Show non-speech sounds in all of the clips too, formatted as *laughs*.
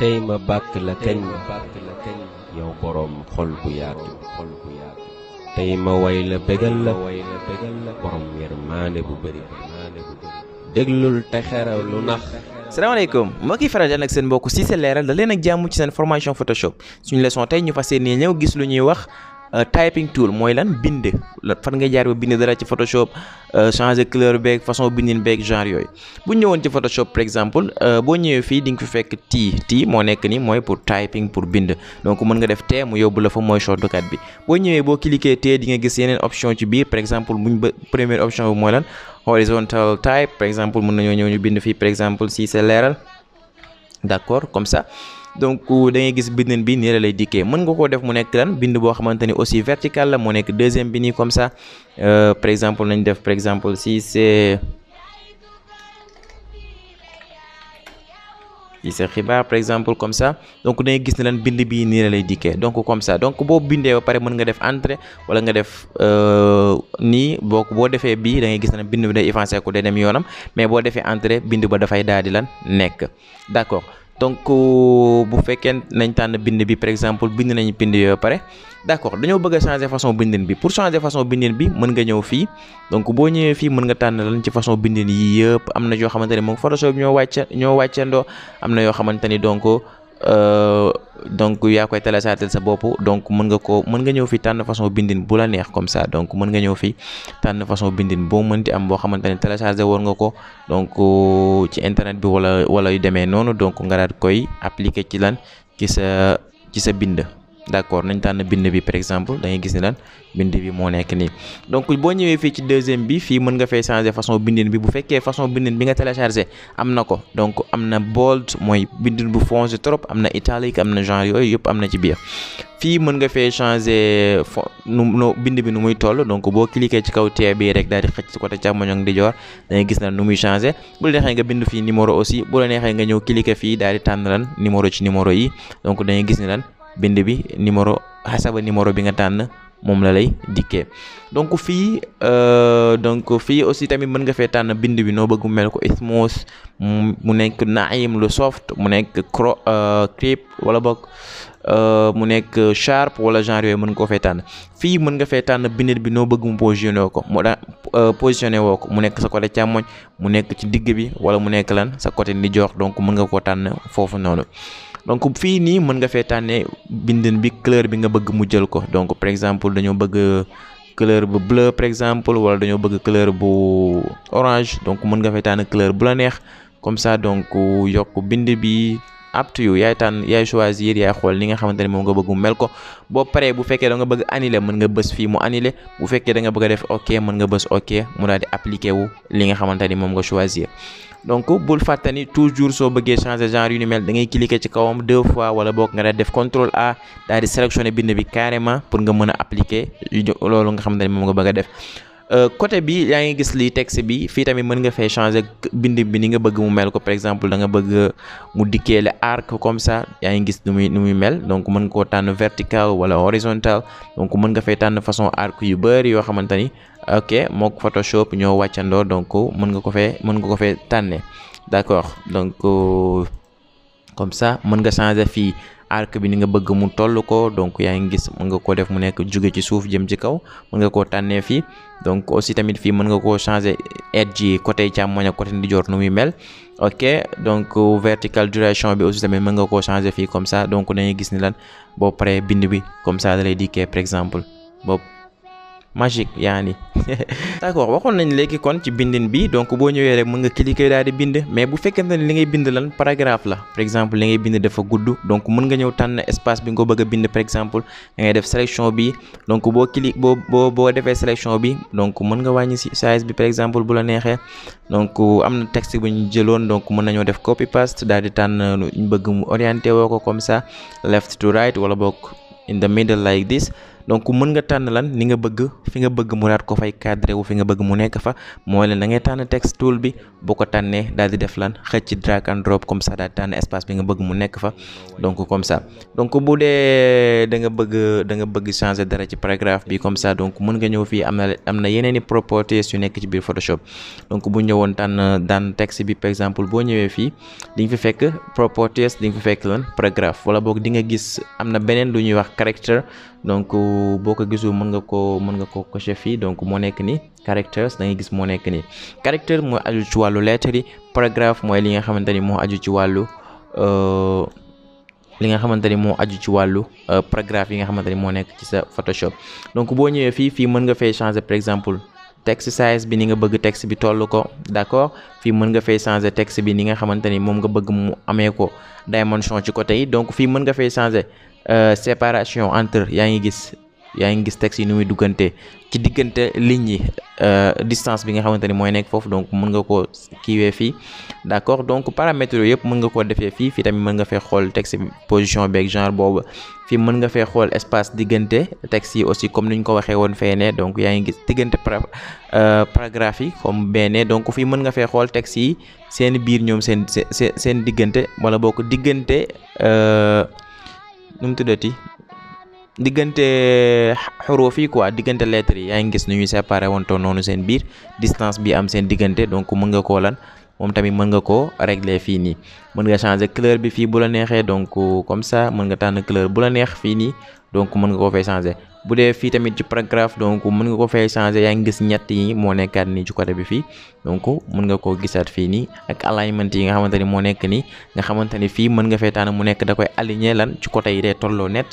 tey ma bàkk la kañ yow boroom xol bu yaatu xol bu yaatu tey ma way la bégal la way la bégal la boroom yërmaande bu bëri déglul te xeral lu nax salaamaaleykum mbokki faral nag seen mbokk Cissé Léral da leen ak jàmm ci seen formation photoshop suñu leçon tey ñu fas yéene ñëw gis lu ñuy wax Euh, typing tool mooy lan bind fan ngay jaar ba bind dara ci photoshop euh, changer couleur beeg façon bindin beeg genre yooyu bu ñëwoon ci photoshop par exemple euh, boo ñëwee fii di fi fekk tii tii moo nekk ni mooy pour typing pour bind donc mën nga def tee mu yóbbu la fa mooy shortcut bi boo ñëwee boo cliquer tee di nga gis yeneen option ci biir par exemple buñ ba première option bi mooy lan horizontal type par exemple mën nañoo ñëw ñu bind fii par exemple si c'est d'accord comme ça donc euh, da gis bindin bi ni la lay dikkee mën nga koo def mu nekk lan bind boo xamante ni aussi vertical la moo nekk deuxième bi nii comme ça euh, par exemple nañ def par exemple si c'est i sa xibaar par exemple comme ça donc dangay gis ne lan bind bii nii la lay dikkee donc comme ça donc boo bindee ba pare mën nga def entrée wala nga def euh, nii book boo defee bii da ngay gis ne bind bi day effacé ko day dem yoonam mais boo defee entrée bind ba dafay daal di lan nekk d'accord donc euh, bu fekkee nañ tànn bind bi par exemple bind nañu bind yooyu pare d'accord dañoo bëgg a changer façon bindin bi pour changer façon bindin bi mën nga ñëw fii donc boo ñëwee fii mën nga tànn lan ci façon bindin yi yëpp am na yoo xamante ne moom Photoshop ñoo wàcce ñoo wàccendoo am na yoo xamante ni donc Euh, donc yaa koy télécharger sa bopp donc mën nga ko mën nga ñëw fii tànn façon bindin bu la neex comme ça donc mën nga ñëw fii tànn façon bindin boo mënti am boo xamante ne télécharger woon nga ko donc ci internet bi wala wala yu demee noonu donc nga daal koy appliquer ci lan ci sa ci sa bind d' accord nañ tànn bind bi par exemple da ngay gis ni lan bind bi moo nekk nii donc boo ñëwee fii ci deuxième bi fii mën nga fee changer façon bindin bi bu fekkee façon bi nga téléchargé am na ko donc am na bold mooy bindin bu foncé trop am na italique am na genre yooyu yëpp am na ci biir mën nga fee changer fo nu bind bi nu muy toll donc boo cliquer ci kaw tee bii rek daal di xëcc ci côté càmmoñ ak ndijoor da ngay gis na nu muy changer bu la neexee nga bind fii numéro aussi bu la neexee nga ñëw cliquer fii daal di tànn lan numéro ci numéro yi donc da gis ni lan bind bi numéro xasaba numéro bi nga tànn moom la lay dikkee donc fii euh, donc fii aussi tamit mën nga fee tànn bind bi noo bëgg mu mel ko ismos mu nekk naim lu soft mu nekk cro euh, crêpe wala boog euh, mu nekk sharp wala genre mën koo fee fii mën nga fee tànn bind bi noo bëgg mu positionné ko mu daan woo ko mu nekk sa côté càmmoñ mu nekk ci digg bi wala mu nekk lan sa côté ndijoor donc mën nga koo tànn foofu noonu donc fii ni mën nga fee bindin bi couleur bi nga bëgg mu jël ko donc par exemple dañoo bëgg couleur bu bleu par exemple wala bëgg couleur bu orange donc mën nga fee tànn couleur bu la neex comme ça donc yokk bind bi up to you yaay tànn yaay choisir yaay xool ni nga xamante ne moom nga bëgg mu mel ko boo paree bu fekkee da nga bëgg annuler mën nga bës fii mu annuler bu fekkee da nga bëgg a def ok mën nga bës ok mu daal di appliquer wu li nga xamante ni moom nga choisir donc bul fàtte ni toujours soo bëggee changer genre yu ni mel da ngay ci kawam deux fois wala boog nga daal def contrôle A daal di sélectionner bind bi carrément pour nga mën a appliquer loolu nga xamante ne moom nga bëgg a def Euh, côté bi yaa ngi gis li texte bi fii tamit mën nga fee changé bind bi ni nga bëgg mu mel ko par exemple danga bëgg mu dikkeele arc comme ça yaa ngi gis nu muy nu muy mel donc mën nga koo tànn vertical wala horizontal donc mën nga fee tànn façon arc yu bëri yoo xamante ni ok mook Photoshop ñoo wàccandoo donc mën nga ko fee mën nga ko fee tànne d'accord donc euh, comme ça mën nga changer fii arc bi ni nga bëgg mu toll ko donc yaa ngi gis mën nga koo def mu nekk jóge ci suuf jëm ci kaw mën nga koo tànnee fii donc aussi tamit fii mën nga koo changer edge yi côté càmmoñ ak côté ndijoor nu muy mel ok donc vertical duration bi aussi tamit mën nga koo changer fii comme ça donc dañuy gis ni lan boo paree bind bi comme ça da lay dikkee par exemple boobu magique yaa ni *laughs* d'accord waxoon nañ léegi kon ci bindin bi donc boo ñëwee rek mën nga cliquer daal di bind mais bu fekkente ne li ngay bind lan paragraphe la par exemple li ngay bind dafa gudd donc mën nga ñëw tànn espace bi nga ko bëgg a bind par exemple da ngay def sélection bi donc boo clique boo boo boo defee sélection bi donc mën nga wàññi size bi par exemple bu la neexee donc am na texte bu ñu jëloon donc mën nañoo def copy paste daal di tànn ñu bëgg mu orienté woo ko comme ça left to right wala boog in the middle like this donc mën nga tànn lan ni nga bëgg fi nga bëgg mu raat ko fay cadré wu fi nga bëgg mu nekk fa mooy lan da ngay text tool bi boo ko tànnee daal di def lan xëcc drag and drop comme ça daal tànn espace bi nga bëgg mu nekk fa donc comme ça donc bu dee da nga bëgg da nga bëgg changer dara ci paragraphe bi comme ça donc mën nga ñëw fii am na am na yeneen i properties yu nekk ci biir photoshop donc bu ñëwoon tànn daan texte bi par exemple boo ñëwee fii di nga fi fekk properties di nga fi fekk lan paragraphe wala boog di nga gis am na beneen lu ñuy wax character donc ko boo ko mën nga ko mën nga ko coché fii donc moo nekk ni characters da ngay gis moo ni character mooy aju ci wàllu lettre yi paragraphe mooy li nga xamante ni aju ci wàllu euh, li nga xamante ni aju ci wàllu euh, paragraphe yi nga xamante ni moo ci sa photoshop donc boo ñëwee fii fi mën nga fay changer par exemple texte size bi ni nga bëgg texte bi toll ko d'accord fii mën nga fay changer texte bi ni nga nga bëgg mu ko dimension ci côté yi donc fi mën nga fay changer euh, séparation entre yaa gis yaa ngi gis texte yi ni muy duggante ci diggante ligne yi euh, distance bi nga xamante ni mooy nekk foofu donc mën nga koo kiiwee fii d' accord donc paramètres yooyu yëpp mën nga koo defee fii fii tamit mën nga fee xool texte bi position beeg genre boobu fii mën nga fee xool espace diggante texte yi aussi comme ni ñu ko waxee woon fee ne donc yaa ngi gis diggante euh, paragraphe yi comme benn donc fii mën nga fee xool texte yi seen biir ñoom seen seen diggante wala boo ko diggante euh, nu mu diggante xuruf yi quoi ah, diggante lettres yi yaa ngi gis nu ñuy séparé wonto noonu seen biir distance bi am seen diggante donc mën nga koo lan moom tamit mën nga koo régler fii nii mën nga changer couleur bi fii bu la neexee ya, donc comme ça mën nga tànn couleur bu la neex fii nii donc mën nga ko fay changer bu dee fii tamit ci paragraphe donc mën nga ko fay changer yaa ngi gis ñett yi moo nekkaat nii ci côté bi fii donc mën nga koo gisaat fii nii ak alignment yi nga xamante ni nekk nii nga xamante ni mën nga fay tànn mu nekk da koy aligner lan ci côté yi dee tolloo net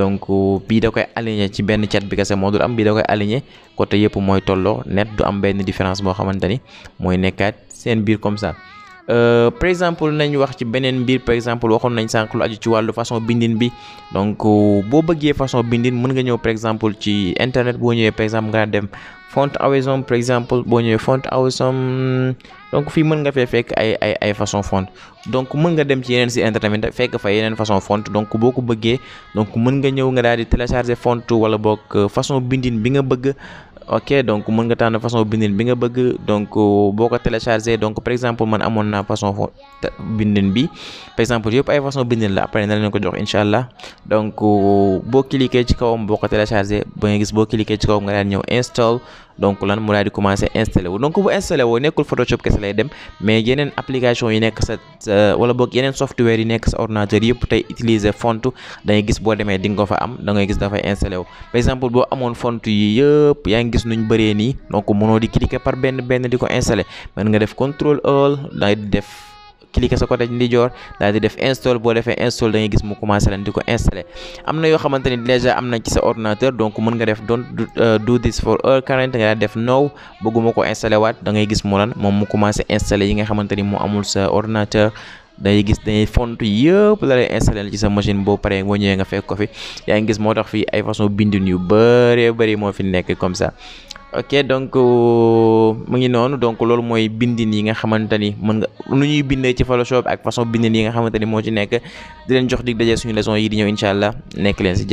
donc bii da koy aligné ci benn cat bi kese moo dul am bii da koy aligné côté yëpp mooy tolloo net du am benn différence boo xamante ni mooy nekkaat seen biir comme ça euh, par exemple nañ wax ci beneen mbir par exemple waxoon nañ sànq lu aju ci wàllu façon bindin bi donc boo bëggee façon bindin mën nga ñëw par exemple ci internet boo ñëwee par exemple nga dem font awesome par exemple boo ñëwee font awesome donc fii mën nga fee fekk ay façon font donc mën nga dem ci yeneen si internet fekk fa yeneen façon font donc boo ko bëggee donc mën nga ñëw nga daal di télécharger font wala boog euh, façon bindin bi nga bëgg ok donc mën nga tànn façon bindin bi nga bëgg donc euh, boo ko télécharger donc par exemple man amoon naa façon font bindin bi par exemple yëpp ay façon bindin la après na leen ko jox incha allah donc euh, boo cliquer ci kawam boo ko télécharger ba gis boo cliquer ci kawam nga daal install donc lan mu daal di commencé installé wu donc bu installé woo nekkul photoshop kese lay dem mais yeneen application yi nekk sa wala boog yeneen software yi nekk sa ordinateur yëpp tey utiliser font da gis boo demee di nga ko fa am da ngay gis dafay installé wu par exemple boo amoon font yi yëpp yaa ngi gis nuñ bëree nii donc mënoo di cliquer par benn benn di ko installé mën nga def contrôle all day def ci cliquer sa côté ndijoor daal di def install boo defee install da gis mu commencé lan di ko installé am na yoo xamante ni déjà am na ci sa ordinateur donc mën nga def don't uh, do this for our current nga daal def no bëgguma ko installé waat da ngay gis mu lan moom mu commencé installé yi nga xamante ni mu amul sa ordinateur day gis dañuy font yëpp la lay installé ci sa machine boo paree boo ñëwee nga fekk ko fi yaa ngi gis moo tax fii ay façon bindin yu bëree bëri moo fi nekk comme ça ok donc euh, mu ngi noonu donc loolu mooy bindin yi nga xamante ni mën nga lu ñuy bindee ci photoshop ak façon bindin yi nga xamante ni ci nekk di leen jox dig daje suñu leçon yi di ñëw incha allah nekk leen si